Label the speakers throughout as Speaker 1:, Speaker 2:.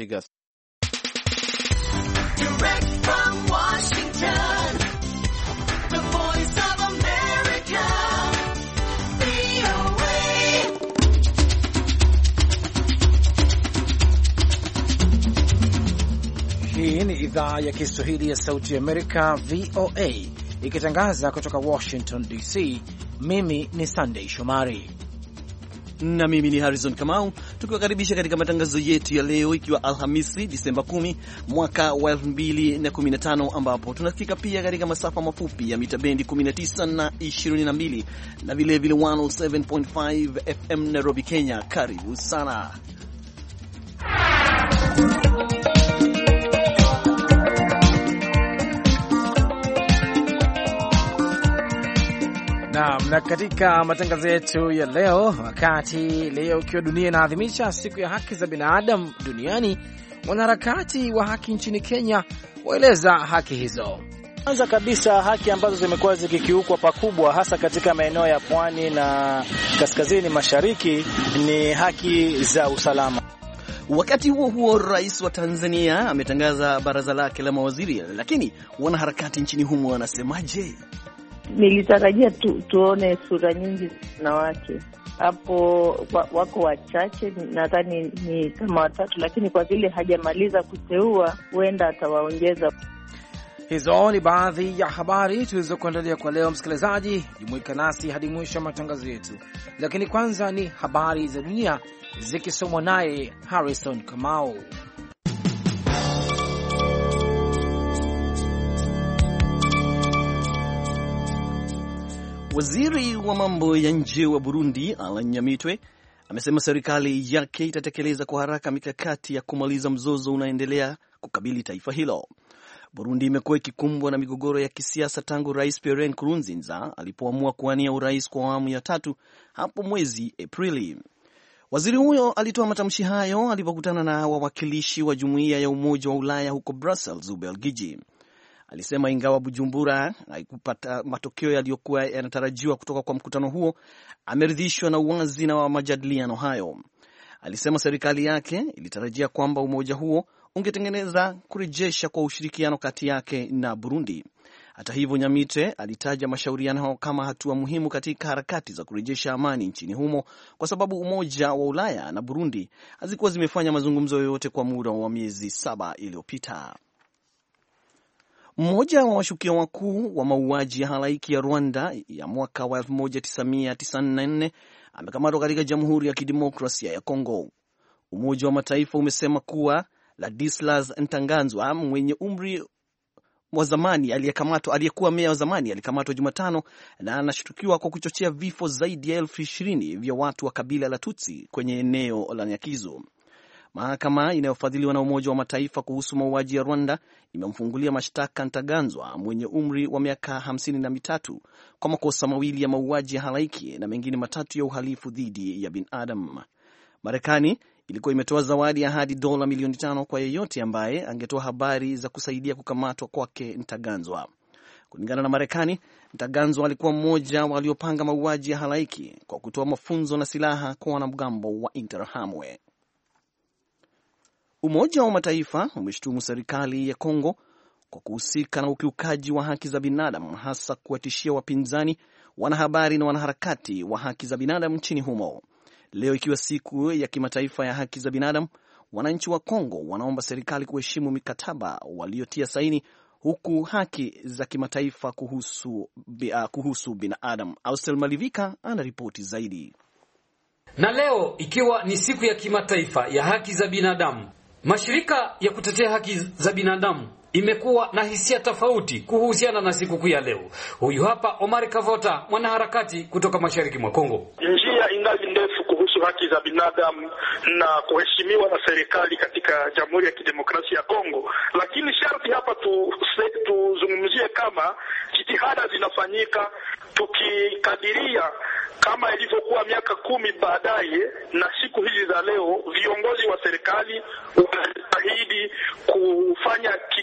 Speaker 1: Higas.
Speaker 2: Hii ni idhaa ya Kiswahili ya Sauti Amerika, VOA, ikitangaza kutoka Washington DC. Mimi ni Sandei Shomari
Speaker 3: na mimi ni Harrison Kamau, tukiwakaribisha katika matangazo yetu ya leo, ikiwa Alhamisi Disemba 10 mwaka wa 2015, ambapo tunasikika pia katika masafa mafupi ya mita bendi 19 na 22 na vilevile 107.5 FM Nairobi, Kenya. Karibu sana
Speaker 2: Naam, na katika matangazo yetu ya leo, wakati leo ukiwa dunia inaadhimisha siku ya haki za binadamu duniani, wanaharakati wa haki nchini Kenya waeleza haki hizo. Kwanza
Speaker 4: kabisa haki ambazo zimekuwa zikikiukwa pakubwa hasa katika maeneo ya pwani na
Speaker 3: kaskazini mashariki ni haki za usalama. Wakati huo huo, rais wa Tanzania ametangaza baraza lake la mawaziri, lakini wanaharakati nchini humo
Speaker 5: wanasemaje? nilitarajia tu, tuone sura nyingi za wanawake hapo, wako wachache, nadhani ni kama watatu, lakini kwa vile hajamaliza kuteua, huenda atawaongeza.
Speaker 2: Hizo ni baadhi ya habari tulizokuandalia kwa leo. Msikilizaji, jumuika nasi hadi mwisho wa matangazo yetu, lakini kwanza ni habari za dunia zikisomwa naye Harrison Kamau.
Speaker 3: Waziri wa mambo ya nje wa Burundi Alain Nyamitwe amesema serikali yake itatekeleza kwa haraka mikakati ya kumaliza mzozo unaendelea kukabili taifa hilo. Burundi imekuwa ikikumbwa na migogoro ya kisiasa tangu Rais Pierre Nkurunziza alipoamua kuwania urais kwa awamu ya tatu hapo mwezi Aprili. Waziri huyo alitoa matamshi hayo alipokutana na wawakilishi wa jumuiya ya Umoja wa Ulaya huko Brussels, Ubelgiji. Alisema ingawa Bujumbura haikupata matokeo yaliyokuwa yanatarajiwa kutoka kwa mkutano huo, ameridhishwa na uwazi na majadiliano hayo. Alisema serikali yake ilitarajia kwamba umoja huo ungetengeneza kurejesha kwa ushirikiano kati yake na Burundi. Hata hivyo, Nyamite alitaja mashauriano kama hatua muhimu katika harakati za kurejesha amani nchini humo, kwa sababu Umoja wa Ulaya na Burundi hazikuwa zimefanya mazungumzo yoyote kwa muda wa miezi saba iliyopita. Mmoja wa washukiwa wakuu wa mauaji ya halaiki ya Rwanda ya mwaka wa 1994 amekamatwa katika Jamhuri ya Kidemokrasia ya Kongo. Umoja wa Mataifa umesema kuwa Ladislas Ntanganzwa mwenye umri wa zamani aliyekamatwa aliyekuwa meya wa zamani alikamatwa Jumatano na anashutukiwa kwa kuchochea vifo zaidi ya elfu ishirini vya watu wa kabila la Tutsi kwenye eneo la nyakizo Mahakama inayofadhiliwa na Umoja wa Mataifa kuhusu mauaji ya Rwanda imemfungulia mashtaka Ntaganzwa mwenye umri wa miaka hamsini na mitatu kwa makosa mawili ya mauaji ya halaiki na mengine matatu ya uhalifu dhidi ya binadamu. Marekani ilikuwa imetoa zawadi ya hadi dola milioni tano kwa yeyote ambaye angetoa habari za kusaidia kukamatwa kwake Ntaganzwa. Kulingana na Marekani, Ntaganzwa alikuwa mmoja waliopanga mauaji ya halaiki kwa kutoa mafunzo na silaha kwa wanamgambo wa Interahamwe. Umoja wa Mataifa umeshutumu serikali ya Kongo kwa kuhusika na ukiukaji wa haki za binadamu, hasa kuwatishia wapinzani, wanahabari na wanaharakati wa haki za binadamu nchini humo. Leo ikiwa siku ya kimataifa ya haki za binadamu, wananchi wa Kongo wanaomba serikali kuheshimu mikataba waliotia saini, huku haki za kimataifa kuhusu, uh, kuhusu binadamu. Austel Malivika ripoti zaidi. Na leo ikiwa ni
Speaker 1: siku ya kimataifa ya haki za
Speaker 3: binadamu,
Speaker 1: Mashirika ya kutetea haki za binadamu imekuwa na hisia tofauti kuhusiana na sikukuu ya leo. Huyu hapa Omar Kavota, mwanaharakati kutoka mashariki mwa Kongo. Njia ingali ndefu haki za binadamu na kuheshimiwa na serikali katika Jamhuri ya Kidemokrasia ya Kongo, lakini sharti hapa tuzungumzie kama jitihada zinafanyika tukikadiria kama ilivyokuwa miaka kumi baadaye na siku hizi za leo, viongozi wa serikali wanaahidi kufanya ki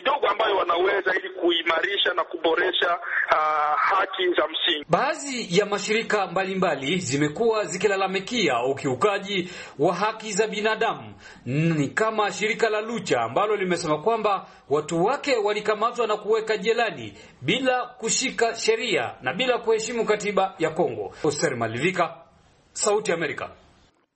Speaker 1: kuweza ili kuimarisha na kuboresha uh, haki za msingi. Baadhi ya mashirika mbalimbali zimekuwa zikilalamikia ukiukaji wa haki za binadamu, ni kama shirika la Lucha ambalo limesema kwamba watu wake walikamatwa na kuweka jelani bila kushika sheria na bila kuheshimu katiba ya Kongo. Oster Malivika,
Speaker 3: Sauti Amerika.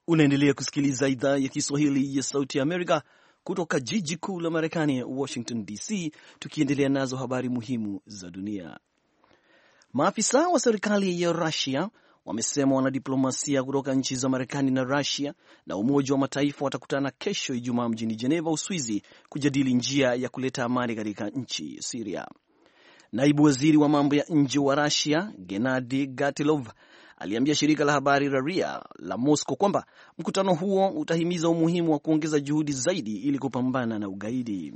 Speaker 3: Unaendelea kusikiliza idhaa ya Kiswahili ya Sauti ya Amerika kutoka jiji kuu la Marekani, Washington DC, tukiendelea nazo habari muhimu za dunia. Maafisa wa serikali ya Rusia wamesema wanadiplomasia kutoka nchi za Marekani na Rusia na Umoja wa Mataifa watakutana kesho Ijumaa mjini Jeneva, Uswizi, kujadili njia ya kuleta amani katika nchi Siria. Naibu waziri wa mambo ya nje wa Rusia Genadi Gatilov aliambia shirika la habari la RIA la Moscow kwamba mkutano huo utahimiza umuhimu wa kuongeza juhudi zaidi ili kupambana na ugaidi.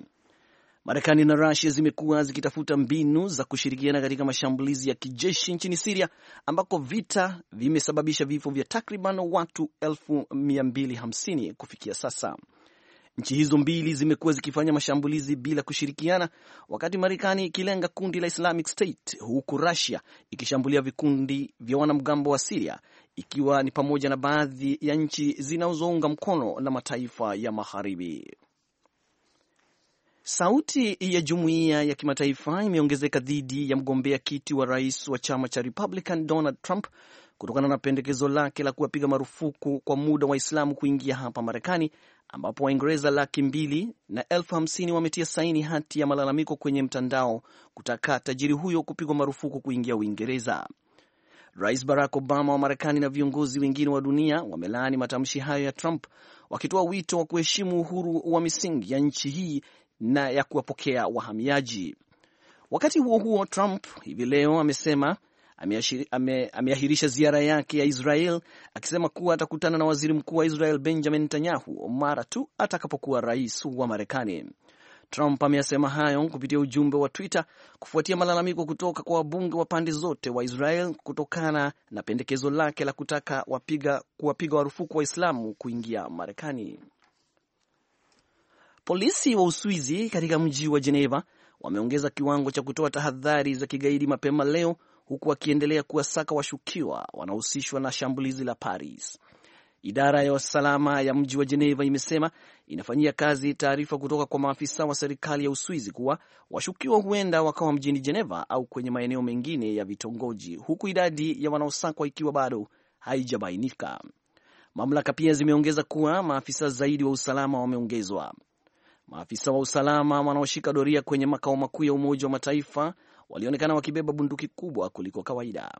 Speaker 3: Marekani na Rusia zimekuwa zikitafuta mbinu za kushirikiana katika mashambulizi ya kijeshi nchini Siria ambako vita vimesababisha vifo vya takriban watu 250 kufikia sasa. Nchi hizo mbili zimekuwa zikifanya mashambulizi bila kushirikiana, wakati Marekani ikilenga kundi la Islamic State huku Russia ikishambulia vikundi vya wanamgambo wa Siria, ikiwa ni pamoja na baadhi ya nchi zinazounga mkono na mataifa ya Magharibi. Sauti ya jumuiya ya kimataifa imeongezeka dhidi ya mgombea kiti wa rais wa chama cha Republican Donald Trump kutokana na pendekezo lake la kuwapiga marufuku kwa muda Waislamu kuingia hapa Marekani ambapo Waingereza laki mbili na elfu hamsini wametia saini hati ya malalamiko kwenye mtandao kutaka tajiri huyo kupigwa marufuku kuingia Uingereza. Rais Barack Obama wa Marekani na viongozi wengine wa dunia wamelaani matamshi hayo ya Trump, wakitoa wito wa kuheshimu uhuru wa misingi ya nchi hii na ya kuwapokea wahamiaji. Wakati huo huo, Trump hivi leo amesema ameahirisha ziara yake ya Israel akisema kuwa atakutana na waziri mkuu wa Israel Benjamin Netanyahu mara tu atakapokuwa rais wa Marekani. Trump ameyasema hayo kupitia ujumbe wa Twitter kufuatia malalamiko kutoka kwa wabunge wa pande zote wa Israel kutokana na pendekezo lake la kutaka wapiga kuwapiga warufuku Waislamu kuingia Marekani. Polisi wa Uswizi katika mji wa Geneva wameongeza kiwango cha kutoa tahadhari za kigaidi mapema leo huku wakiendelea kuwasaka washukiwa wanaohusishwa na shambulizi la Paris. Idara ya usalama ya mji wa Jeneva imesema inafanyia kazi taarifa kutoka kwa maafisa wa serikali ya Uswizi kuwa washukiwa huenda wakawa mjini Jeneva au kwenye maeneo mengine ya vitongoji, huku idadi ya wanaosakwa ikiwa bado haijabainika. Mamlaka pia zimeongeza kuwa maafisa zaidi wa usalama wameongezwa. Maafisa wa usalama wanaoshika doria kwenye makao makuu ya Umoja wa Mataifa walionekana wakibeba bunduki kubwa kuliko kawaida.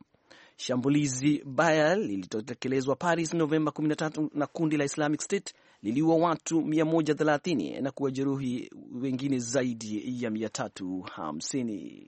Speaker 3: Shambulizi baya lilitotekelezwa Paris Novemba 13 na kundi la Islamic State liliua watu 130 na kuwajeruhi wengine zaidi ya 350.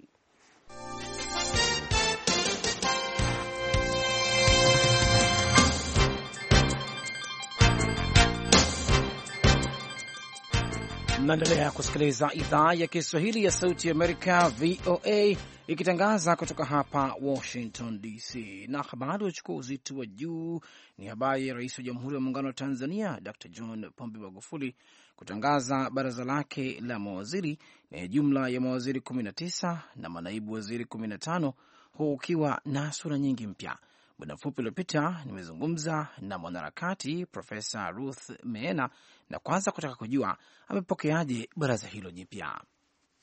Speaker 2: Mnaendelea kusikiliza idhaa ya Kiswahili ya Sauti ya Amerika, VOA, ikitangaza kutoka hapa Washington DC. Na habari wachukua uzito wa juu ni habari ya Rais wa Jamhuri ya Muungano wa Tanzania Dr John Pombe Magufuli kutangaza baraza lake la mawaziri lenye eh, jumla ya mawaziri 19 na manaibu waziri 15 huku ukiwa na sura nyingi mpya. Muda mfupi uliopita nimezungumza na mwanaharakati Profesa Ruth Meena na kwanza kutaka kujua amepokeaje baraza hilo jipya.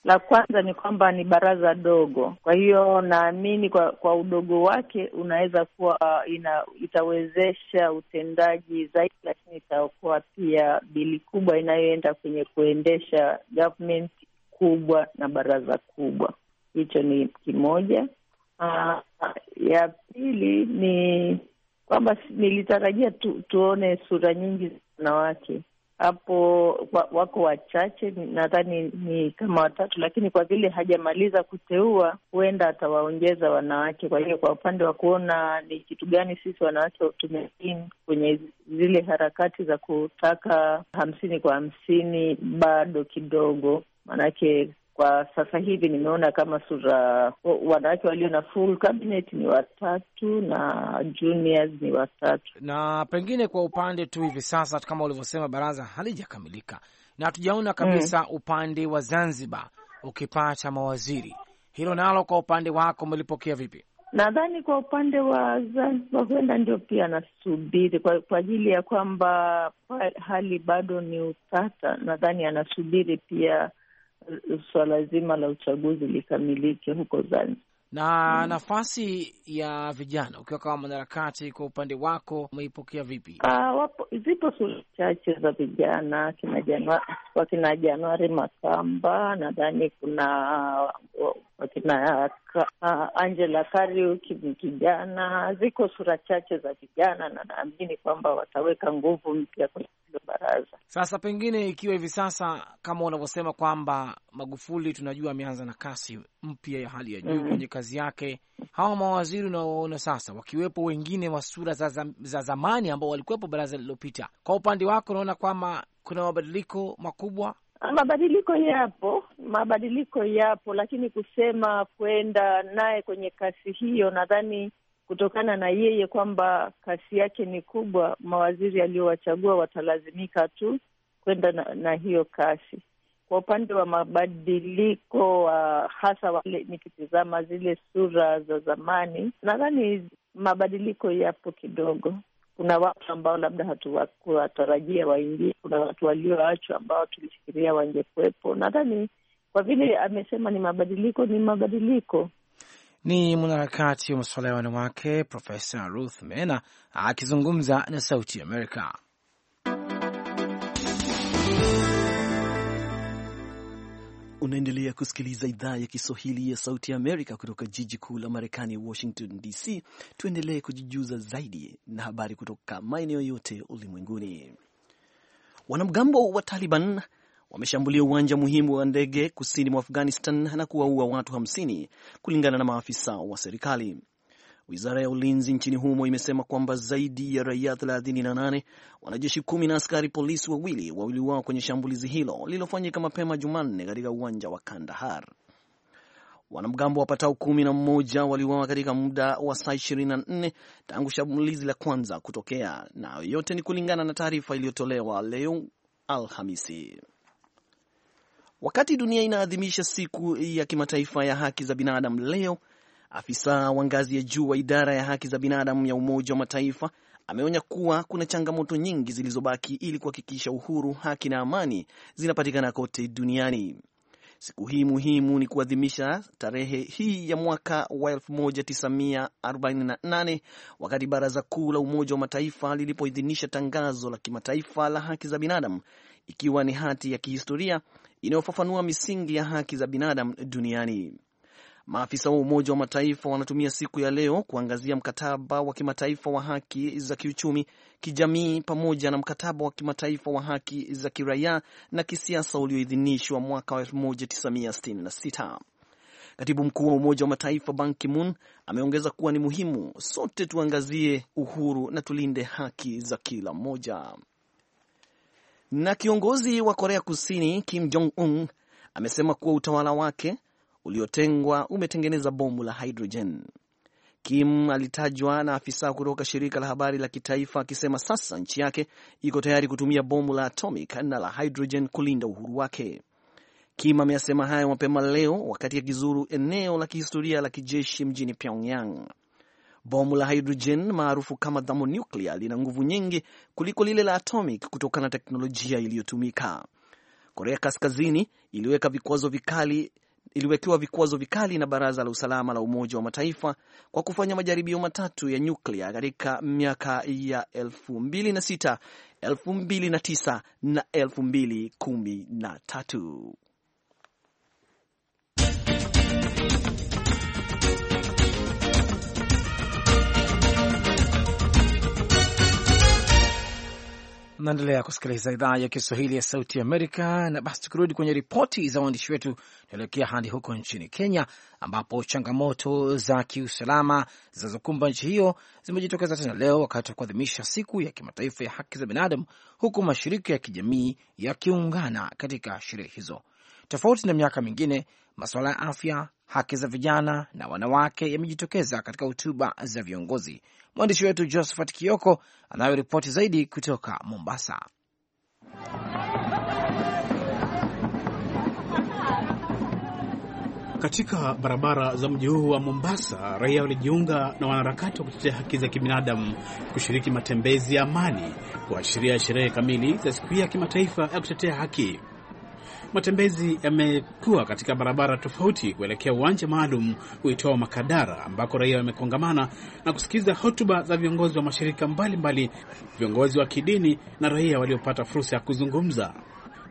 Speaker 5: La kwanza ni kwamba ni baraza dogo, kwa hiyo naamini kwa, kwa udogo wake unaweza kuwa uh, ina, itawezesha utendaji zaidi, lakini itakuwa pia bili kubwa inayoenda kwenye kuendesha government kubwa na baraza kubwa. Hicho ni kimoja. Uh, ya pili ni kwamba nilitarajia tu, tuone sura nyingi za wanawake hapo. Wako wachache nadhani ni kama watatu, lakini kwa vile hajamaliza kuteua, huenda atawaongeza wanawake. Kwa hiyo kwa upande wa kuona ni kitu gani sisi wanawake tumein kwenye zile harakati za kutaka hamsini kwa hamsini, bado kidogo, maanake kwa sasa hivi nimeona kama sura wanawake walio na full cabinet ni watatu na juniors ni watatu.
Speaker 2: Na pengine kwa upande tu hivi sasa, kama ulivyosema, baraza halijakamilika na hatujaona kabisa mm, upande wa Zanzibar ukipata mawaziri. Hilo nalo kwa upande wako umelipokea vipi?
Speaker 5: Nadhani kwa upande wa Zanzibar huenda ndio pia anasubiri kwa, kwa ajili ya kwamba hali bado ni utata. Nadhani anasubiri pia Eh, suala zima la uchaguzi likamilike huko Zanzibar
Speaker 2: na hmm, nafasi ya vijana ukiwa kama mwanaharakati kwa upande wako umeipokea vipi?
Speaker 5: Ah, wapo, zipo sura chache za vijana kina Januari, wakina Januari Makamba, nadhani kuna wakina uh, Angela Kariuki ni kijana. Ziko sura chache za vijana, na naamini kwamba wataweka nguvu mpya kwenye hizo baraza.
Speaker 2: Sasa pengine, ikiwa hivi sasa kama unavyosema kwamba Magufuli tunajua ameanza na kasi mpya ya hali ya juu mm -hmm. kwenye kazi yake, hawa mawaziri unaoona sasa wakiwepo wengine wa sura za, za, za zamani ambao walikuwepo baraza lililopita, kwa upande wako unaona kwamba kuna mabadiliko makubwa?
Speaker 5: Mabadiliko yapo, mabadiliko yapo, lakini kusema kwenda naye kwenye kasi hiyo, nadhani kutokana na yeye kwamba kasi yake ni kubwa, mawaziri aliyowachagua watalazimika tu kwenda na, na hiyo kasi. Kwa upande wa mabadiliko uh, hasa wale, nikitizama zile sura za zamani, nadhani mabadiliko yapo kidogo. Kuna watu ambao labda hatukuwatarajia waingie, kuna watu walioachwa ambao tulifikiria wangekuwepo. Nadhani kwa vile amesema ni mabadiliko, ni mabadiliko
Speaker 2: ni mwanaharakati wa masuala ya wanawake Profesa Ruth Mena akizungumza
Speaker 3: na Sauti Amerika. Unaendelea kusikiliza idhaa ya Kiswahili ya Sauti ya Amerika kutoka jiji kuu la Marekani, Washington DC. Tuendelee kujijuza zaidi na habari kutoka maeneo yote ulimwenguni. Wanamgambo wa Taliban wameshambulia uwanja muhimu wa ndege kusini mwa Afghanistan na kuwaua watu 50 kulingana na maafisa wa serikali. Wizara ya ulinzi nchini humo imesema kwamba zaidi ya raia 38, wanajeshi kumi na askari polisi wawili waliuawa kwenye shambulizi hilo lililofanyika mapema Jumanne katika uwanja wa Kandahar. Wanamgambo wapatao kumi na mmoja waliuawa katika muda wa saa 24 tangu shambulizi la kwanza kutokea, na yote ni kulingana na taarifa iliyotolewa leo Alhamisi. Wakati dunia inaadhimisha siku ya kimataifa ya haki za binadamu leo, afisa wa ngazi ya juu wa idara ya haki za binadamu ya Umoja wa Mataifa ameonya kuwa kuna changamoto nyingi zilizobaki ili kuhakikisha uhuru, haki na amani zinapatikana kote duniani. Siku hii muhimu ni kuadhimisha tarehe hii ya mwaka wa 1948 wakati Baraza Kuu la Umoja wa Mataifa lilipoidhinisha tangazo la kimataifa la haki za binadamu, ikiwa ni hati ya kihistoria inayofafanua misingi ya haki za binadamu duniani. Maafisa wa Umoja wa Mataifa wanatumia siku ya leo kuangazia mkataba wa kimataifa wa haki za kiuchumi, kijamii, pamoja na mkataba wa kimataifa wa haki za kiraia na kisiasa ulioidhinishwa mwaka wa 1966. Katibu mkuu wa Umoja wa Mataifa Ban Ki-moon ameongeza kuwa ni muhimu sote tuangazie uhuru na tulinde haki za kila mmoja. Na kiongozi wa Korea Kusini Kim Jong Un amesema kuwa utawala wake uliotengwa umetengeneza bomu la hidrojen. Kim alitajwa na afisa kutoka shirika la habari la kitaifa akisema sasa nchi yake iko tayari kutumia bomu la atomic na la hidrojen kulinda uhuru wake. Kim ameyasema hayo mapema leo wakati akizuru eneo la kihistoria la kijeshi mjini Pyongyang. Bomu la hidrojeni maarufu kama thermonuclear lina nguvu nyingi kuliko lile la atomic kutokana na teknolojia iliyotumika. Korea Kaskazini iliweka vikwazo vikali iliwekewa vikwazo vikali na Baraza la Usalama la Umoja wa Mataifa kwa kufanya majaribio matatu ya nyuklia katika miaka ya 2006, 2009 na 2013.
Speaker 2: Naendelea kusikiliza idhaa ya Kiswahili ya Sauti Amerika. Na basi tukirudi kwenye ripoti za waandishi wetu, tunaelekea hadi huko nchini Kenya ambapo changamoto za kiusalama zinazokumba nchi hiyo zimejitokeza tena leo wakati wa kuadhimisha siku ya kimataifa ya haki za binadamu, huku mashirika ya kijamii yakiungana katika sherehe hizo. Tofauti na miaka mingine, masuala ya afya, haki za vijana na wanawake yamejitokeza katika hotuba za viongozi Mwandishi wetu Josephat Kioko anayo
Speaker 1: ripoti zaidi kutoka Mombasa. Katika barabara za mji huu wa Mombasa, raia walijiunga na wanaharakati wa kutetea haki za kibinadamu kushiriki matembezi ya amani kuashiria sherehe kamili za siku hii ya kimataifa ya kutetea haki Matembezi yamekuwa katika barabara tofauti kuelekea uwanja maalum uitwao Makadara, ambako raia wamekongamana na kusikiza hotuba za viongozi wa mashirika mbalimbali mbali, viongozi wa kidini na raia waliopata fursa ya kuzungumza.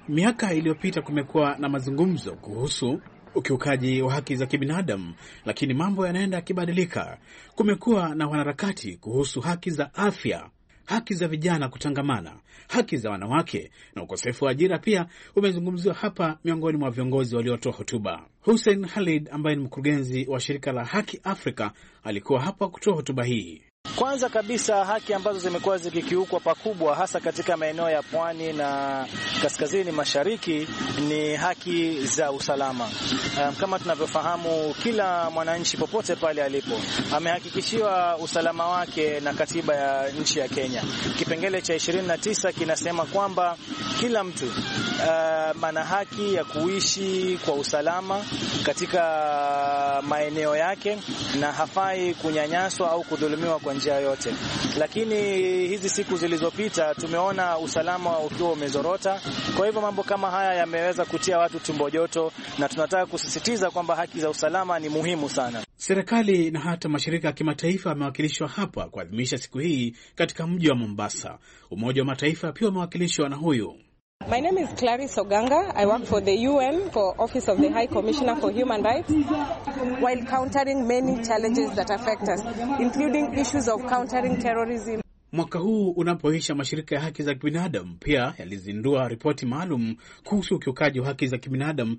Speaker 1: Miaka iliyopita kumekuwa na mazungumzo kuhusu ukiukaji wa haki za kibinadamu, lakini mambo yanaenda yakibadilika. Kumekuwa na wanaharakati kuhusu haki za afya haki za vijana kutangamana, haki za wanawake na ukosefu wa ajira pia umezungumziwa hapa miongoni mwa viongozi waliotoa hotuba. Hussein Khalid ambaye ni mkurugenzi wa shirika la Haki Afrika alikuwa hapa kutoa hotuba hii.
Speaker 4: Kwanza kabisa haki ambazo zimekuwa zikikiukwa pakubwa hasa katika maeneo ya pwani na kaskazini mashariki ni haki za usalama. Um, kama tunavyofahamu kila mwananchi popote pale alipo amehakikishiwa usalama wake na katiba ya nchi ya Kenya. Kipengele cha 29 kinasema kwamba kila mtu uh, ana haki ya kuishi kwa usalama katika maeneo yake na hafai kunyanyaswa au kudhulumiwa kwa njia yote, lakini hizi siku zilizopita tumeona usalama ukiwa umezorota. Kwa hivyo mambo kama haya yameweza kutia watu tumbo joto, na tunataka kusisitiza kwamba haki za usalama ni muhimu sana.
Speaker 1: Serikali na hata mashirika ya kimataifa yamewakilishwa hapa kuadhimisha siku hii katika mji wa Mombasa. Umoja wa Mataifa pia umewakilishwa na huyu
Speaker 6: My name is Clarice Oganga. I work for the UN for Office of the High Commissioner for Human Rights while countering many challenges that affect us, including issues of countering terrorism.
Speaker 1: Mwaka huu unapoisha, mashirika ya haki za kibinadamu pia yalizindua ripoti maalum kuhusu ukiukaji wa haki za kibinadamu.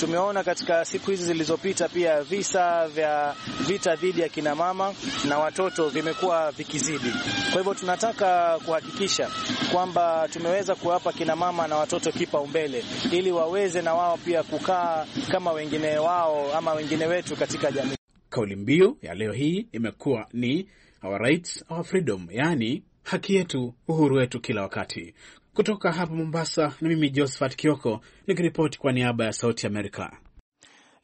Speaker 4: Tumeona katika siku hizi zilizopita pia visa vya vita dhidi ya kinamama na watoto vimekuwa vikizidi. Kwa hivyo tunataka kuhakikisha kwamba tumeweza kuwapa kinamama na watoto kipaumbele, ili waweze
Speaker 1: na wao pia kukaa kama wengine wao ama wengine wetu katika jamii. Kauli mbiu ya leo hii imekuwa ni our rights, our freedom, yaani haki yetu, uhuru wetu kila wakati. Kutoka hapa Mombasa na mimi Josephat Kioko nikiripoti kwa niaba ya Sauti Amerika.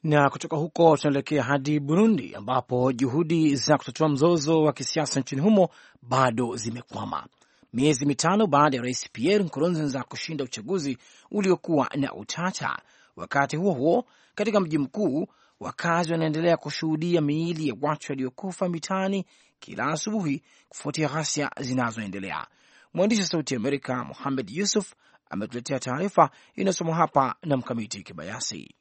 Speaker 2: Na kutoka huko tunaelekea hadi Burundi, ambapo juhudi za kutatua mzozo wa kisiasa nchini humo bado zimekwama, miezi mitano baada ya Rais Pierre Nkurunziza kushinda uchaguzi uliokuwa na utata. Wakati huo huo, katika mji mkuu, wakazi wanaendelea kushuhudia miili ya watu waliokufa mitaani kila asubuhi kufuatia ghasia zinazoendelea. Mwandishi wa Sauti Amerika Muhamed Yusuf ametuletea taarifa inayosomwa hapa na Mkamiti Kibayasi.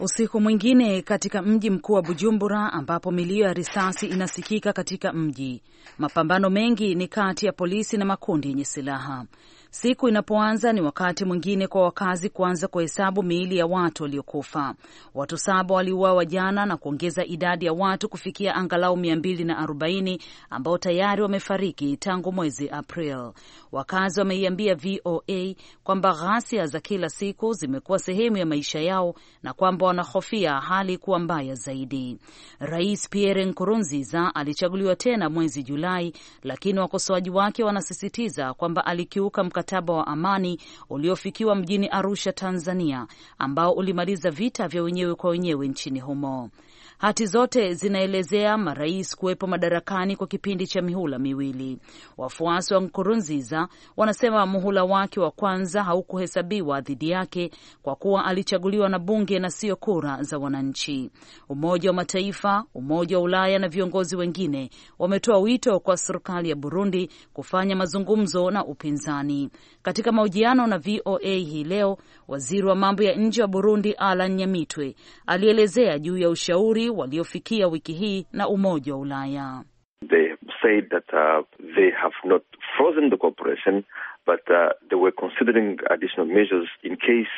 Speaker 7: Usiku mwingine katika mji mkuu wa Bujumbura, ambapo milio ya risasi inasikika katika mji. Mapambano mengi ni kati ya polisi na makundi yenye silaha. Siku inapoanza ni wakati mwingine kwa wakazi kuanza kuhesabu miili ya watu waliokufa. Watu saba waliuawa jana na kuongeza idadi ya watu kufikia angalau 240 ambao tayari wamefariki tangu mwezi April. Wakazi wameiambia VOA kwamba ghasia za kila siku zimekuwa sehemu ya maisha yao na kwamba kwamba wanahofia hali kuwa mbaya zaidi. Rais Pierre Nkurunziza alichaguliwa tena mwezi Julai, lakini wakosoaji wake wanasisitiza kwamba alikiuka mkataba wa amani uliofikiwa mjini Arusha, Tanzania, ambao ulimaliza vita vya wenyewe kwa wenyewe nchini humo. Hati zote zinaelezea marais kuwepo madarakani kwa kipindi cha mihula miwili. Wafuasi wa Nkurunziza wanasema muhula wake wa kwanza haukuhesabiwa dhidi yake kwa kuwa alichaguliwa na bunge na sio kura za wananchi. Umoja wa Mataifa, Umoja wa Ulaya na viongozi wengine wametoa wito kwa serikali ya Burundi kufanya mazungumzo na upinzani. Katika mahojiano na VOA hii leo, waziri wa mambo ya nje wa Burundi Alan Nyamitwe alielezea juu ya ushauri waliofikia wiki hii na Umoja wa Ulaya.
Speaker 5: They said that, uh, they have not frozen the cooperation, but, uh, they were considering additional measures in case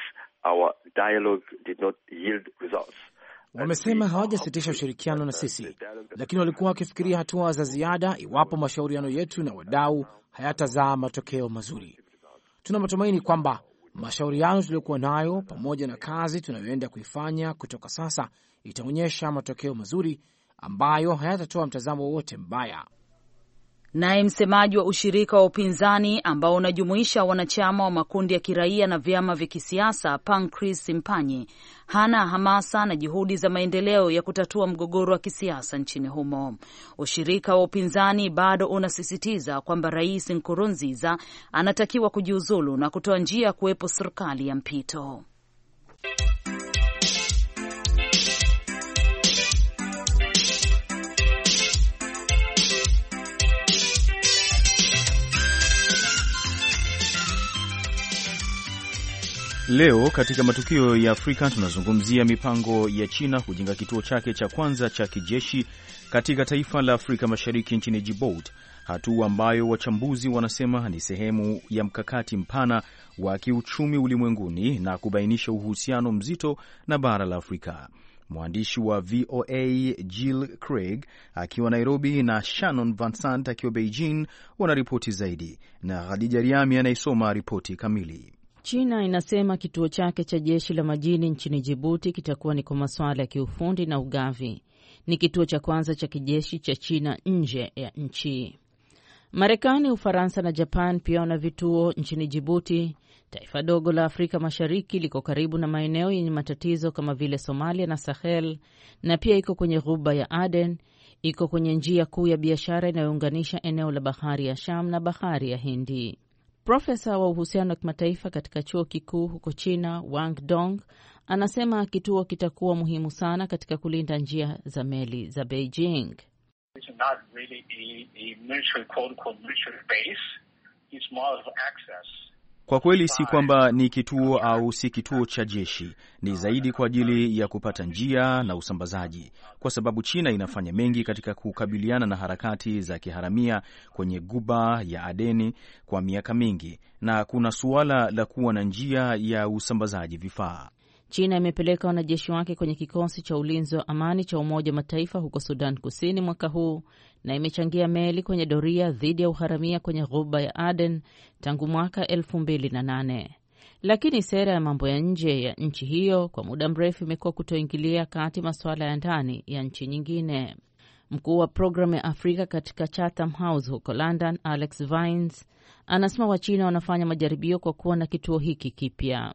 Speaker 5: our dialogue did not yield results.
Speaker 2: Wamesema hawajasitisha ushirikiano na sisi, lakini walikuwa wakifikiria hatua za ziada iwapo mashauriano yetu na wadau hayatazaa matokeo mazuri. Tuna matumaini kwamba mashauriano tuliyokuwa nayo pamoja na kazi tunayoenda kuifanya kutoka sasa
Speaker 7: itaonyesha matokeo mazuri ambayo hayatatoa mtazamo wowote mbaya. Naye msemaji wa ushirika wa upinzani ambao unajumuisha wanachama wa makundi ya kiraia na vyama vya kisiasa Pancras mpanye hana hamasa na juhudi za maendeleo ya kutatua mgogoro wa kisiasa nchini humo. Ushirika wa upinzani bado unasisitiza kwamba Rais Nkurunziza anatakiwa kujiuzulu na kutoa njia ya kuwepo serikali ya mpito.
Speaker 8: Leo katika matukio ya Afrika tunazungumzia mipango ya China kujenga kituo chake cha kwanza cha kijeshi katika taifa la Afrika Mashariki nchini Djibouti, hatua ambayo wachambuzi wanasema ni sehemu ya mkakati mpana wa kiuchumi ulimwenguni na kubainisha uhusiano mzito na bara la Afrika. Mwandishi wa VOA Jill Craig akiwa Nairobi na Shannon Vansant akiwa Beijing wanaripoti zaidi, na Khadija Riami anayesoma ripoti kamili.
Speaker 6: China inasema kituo chake cha jeshi la majini nchini Jibuti kitakuwa ni kwa masuala ya kiufundi na ugavi. Ni kituo cha kwanza cha kijeshi cha China nje ya nchi. Marekani, Ufaransa na Japan pia wana vituo nchini Jibuti. Taifa dogo la Afrika Mashariki liko karibu na maeneo yenye matatizo kama vile Somalia na Sahel, na pia iko kwenye ghuba ya Aden. Iko kwenye njia kuu ya biashara inayounganisha eneo la bahari ya Sham na bahari ya Hindi. Profesa wa uhusiano wa kimataifa katika chuo kikuu huko China, Wang Dong, anasema kituo kitakuwa muhimu sana katika kulinda njia za meli za Beijing.
Speaker 3: Really a, a
Speaker 1: military, quote, unquote, military base. It's more of access
Speaker 6: kwa kweli si
Speaker 8: kwamba ni kituo au si kituo cha jeshi, ni zaidi kwa ajili ya kupata njia na usambazaji, kwa sababu China inafanya mengi katika kukabiliana na harakati za kiharamia kwenye guba ya Adeni kwa miaka mingi, na kuna suala la kuwa na njia ya usambazaji vifaa.
Speaker 6: China imepeleka wanajeshi wake kwenye kikosi cha ulinzi wa amani cha Umoja wa Mataifa huko Sudan Kusini mwaka huu na imechangia meli kwenye doria dhidi ya uharamia kwenye ghuba ya Aden tangu mwaka 2008. Lakini sera ya mambo ya nje ya nchi hiyo kwa muda mrefu imekuwa kutoingilia kati masuala ya ndani ya nchi nyingine. Mkuu wa programu ya Afrika katika Chatham House huko London, Alex Vines, anasema Wachina wanafanya majaribio kwa kuwa na kituo hiki kipya.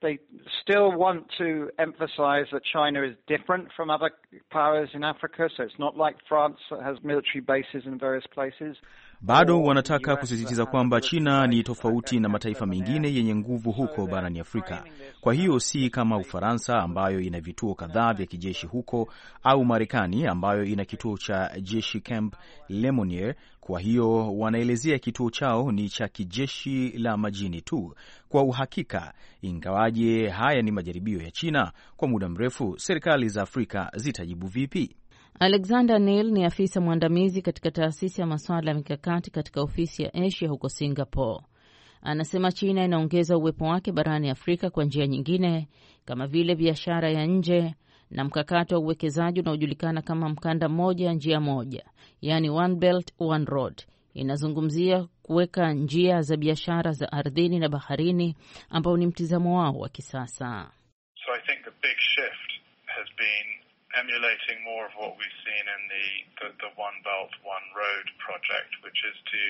Speaker 6: They still want to emphasize that China is different from other powers in Africa, so it's not like France that has military bases in various places. Bado wanataka kusisitiza
Speaker 8: kwamba China ni tofauti na mataifa mengine yenye nguvu huko barani Afrika. Kwa hiyo si kama Ufaransa ambayo ina vituo kadhaa vya kijeshi huko au Marekani ambayo ina kituo cha jeshi Camp Lemonnier kwa hiyo wanaelezea kituo chao ni cha kijeshi la majini tu kwa uhakika, ingawaje haya ni majaribio ya China kwa muda mrefu. Serikali za Afrika zitajibu vipi?
Speaker 6: Alexander Neil ni afisa mwandamizi katika taasisi ya masuala ya mikakati katika ofisi ya Asia huko Singapore. Anasema China inaongeza uwepo wake barani Afrika kwa njia nyingine kama vile biashara ya nje, na mkakati wa uwekezaji unaojulikana kama mkanda mmoja njia moja, yani one belt one road. Inazungumzia kuweka njia za biashara za ardhini na baharini ambao ni mtizamo wao wa kisasa. So I think big
Speaker 5: shift has been emulating more of what we've seen in the, the, the one belt one road project which is to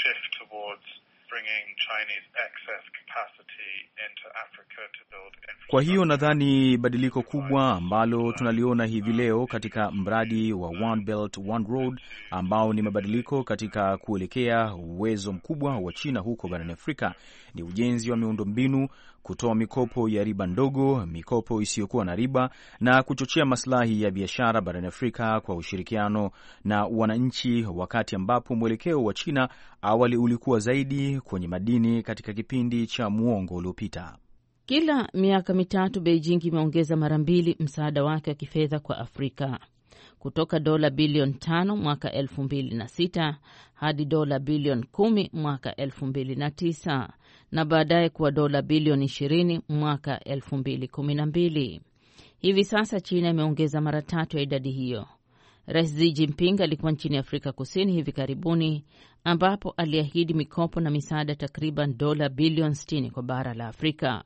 Speaker 5: shift towards bringing Chinese excess capacity into Africa to build
Speaker 8: Kwa hiyo nadhani badiliko kubwa ambalo tunaliona hivi leo katika mradi wa One Belt One Road ambao ni mabadiliko katika kuelekea uwezo mkubwa wa China huko barani Afrika ni ujenzi wa miundombinu kutoa mikopo ya riba ndogo, mikopo isiyokuwa na riba na kuchochea masilahi ya biashara barani Afrika kwa ushirikiano na wananchi, wakati ambapo mwelekeo wa China awali ulikuwa zaidi kwenye madini katika kipindi cha muongo uliopita.
Speaker 6: Kila miaka mitatu Beijing imeongeza mara mbili msaada wake wa kifedha kwa Afrika kutoka dola bilioni 5 mwaka 2006 hadi dola bilioni 10 mwaka 2009 na baadaye kuwa dola bilioni 20 mwaka 2012. Hivi sasa China imeongeza mara tatu ya idadi hiyo. Rais Xi Jinping alikuwa nchini Afrika Kusini hivi karibuni, ambapo aliahidi mikopo na misaada takriban dola bilioni 60 kwa bara la Afrika.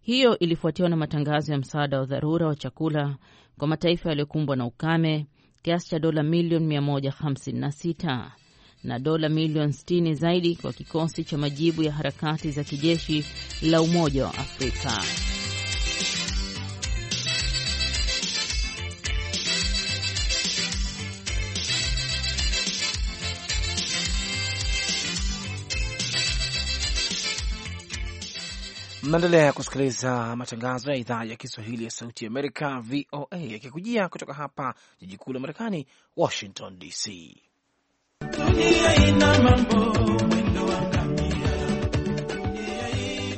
Speaker 6: Hiyo ilifuatiwa na matangazo ya msaada wa dharura wa chakula kwa mataifa yaliyokumbwa na ukame kiasi cha dola milioni 156 na dola milioni 60 zaidi kwa kikosi cha majibu ya harakati za kijeshi la Umoja wa Afrika.
Speaker 2: Mnaendelea kusikiliza matangazo ya idhaa ya Kiswahili ya Sauti Amerika, VOA, yakikujia kutoka hapa jiji kuu la Marekani, Washington DC.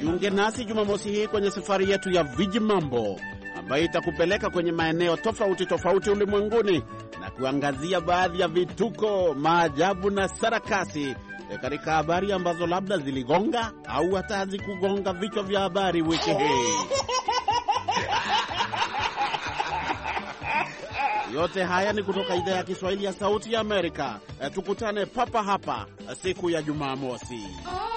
Speaker 1: Jiunge nasi Jumamosi hii kwenye safari yetu ya Viji Mambo ambayo itakupeleka kwenye maeneo tofauti tofauti ulimwenguni na kuangazia baadhi ya vituko, maajabu na sarakasi e, katika habari ambazo labda ziligonga au hata hazikugonga vichwa vya habari wiki hii. Yote haya ni kutoka idhaa ya Kiswahili ya Sauti ya Amerika. E, tukutane papa hapa siku ya Jumamosi. Oh,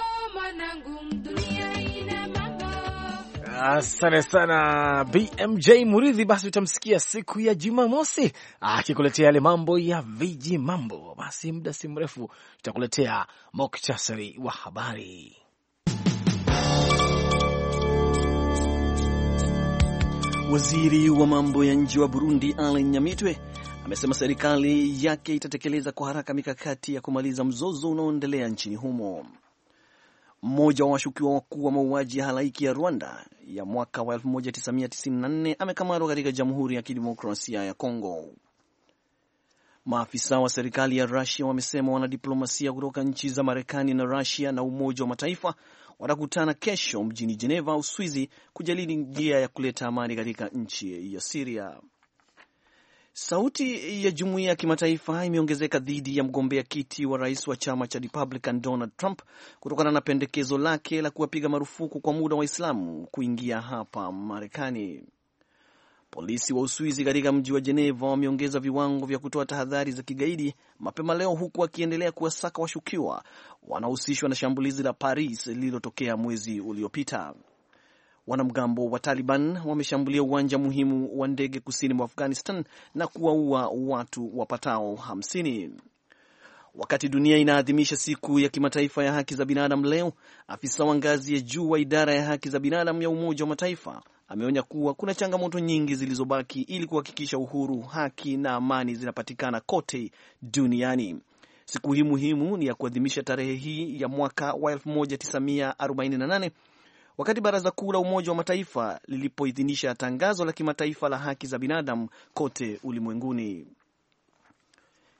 Speaker 1: Asante sana BMJ Muridhi. Basi utamsikia
Speaker 2: siku ya Jumamosi akikuletea yale mambo ya viji mambo. Basi muda si mrefu tutakuletea muktasari wa habari.
Speaker 3: Waziri wa mambo ya nje wa Burundi Alain Nyamitwe amesema serikali yake itatekeleza kwa haraka mikakati ya kumaliza mzozo unaoendelea nchini humo. Mmoja wa washukiwa wakuu wa mauaji ya halaiki ya Rwanda ya mwaka wa 1994 amekamatwa katika Jamhuri ya Kidemokrasia ya congo Maafisa wa serikali ya Rusia wamesema wanadiplomasia kutoka nchi za Marekani na Rusia na Umoja wa Mataifa watakutana kesho mjini Jeneva, Uswizi, kujadili njia ya kuleta amani katika nchi ya Siria. Sauti ya jumuiya ya kimataifa imeongezeka dhidi ya mgombea kiti wa rais wa chama cha Republican Donald Trump kutokana na pendekezo lake la kuwapiga marufuku kwa muda Waislamu kuingia hapa Marekani. Polisi wa Uswizi katika mji wa Jeneva wameongeza viwango vya kutoa tahadhari za kigaidi mapema leo, huku wakiendelea kuwasaka washukiwa wanaohusishwa na shambulizi la Paris lililotokea mwezi uliopita. Wanamgambo wa Taliban wameshambulia uwanja muhimu wa ndege kusini mwa Afghanistan na kuwaua watu wapatao hamsini. Wakati dunia inaadhimisha siku ya kimataifa ya haki za binadamu leo, afisa wa ngazi ya juu wa idara ya haki za binadamu ya Umoja wa Mataifa ameonya kuwa kuna changamoto nyingi zilizobaki ili kuhakikisha uhuru, haki na amani zinapatikana kote duniani. Siku hii muhimu ni ya kuadhimisha tarehe hii ya mwaka wa 1948 wakati Baraza Kuu la Umoja wa Mataifa lilipoidhinisha tangazo la kimataifa la haki za binadamu kote ulimwenguni.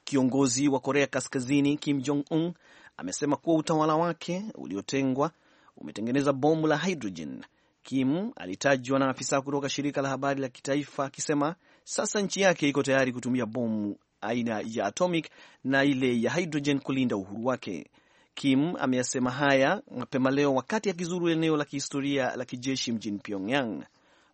Speaker 3: Kiongozi wa Korea Kaskazini Kim Jong Un amesema kuwa utawala wake uliotengwa umetengeneza bomu la hydrogen. Kim alitajwa na afisa kutoka shirika la habari la kitaifa akisema sasa nchi yake iko tayari kutumia bomu aina ya atomic na ile ya hydrogen kulinda uhuru wake. Kim ameyasema haya mapema leo wakati akizuru eneo la kihistoria la kijeshi mjini Pyongyang.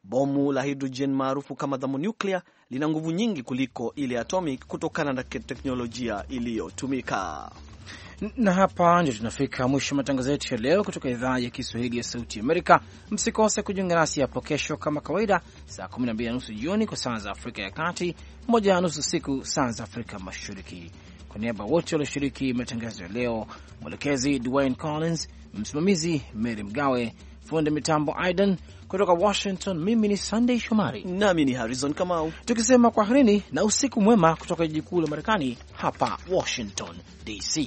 Speaker 3: Bomu la hidrojen maarufu kama thermonuclear lina nguvu nyingi kuliko ile atomic kutokana na teknolojia iliyotumika.
Speaker 2: Na hapa ndio tunafika mwisho wa matangazo yetu ya leo kutoka idhaa ya Kiswahili ya Sauti Amerika. Msikose kujiunga nasi hapo kesho kama kawaida, saa 12 na nusu jioni kwa saa za Afrika ya Kati, 1 na nusu siku saa za Afrika Mashariki. Kwa niaba wote walioshiriki matangazo ya leo, mwelekezi Dwayne Collins, msimamizi Mary Mgawe, fundi mitambo Aidan kutoka Washington. Mimi ni Sunday Shomari nami ni Harrison Kamau, tukisema kwaherini na usiku mwema kutoka jiji kuu la Marekani, hapa Washington DC.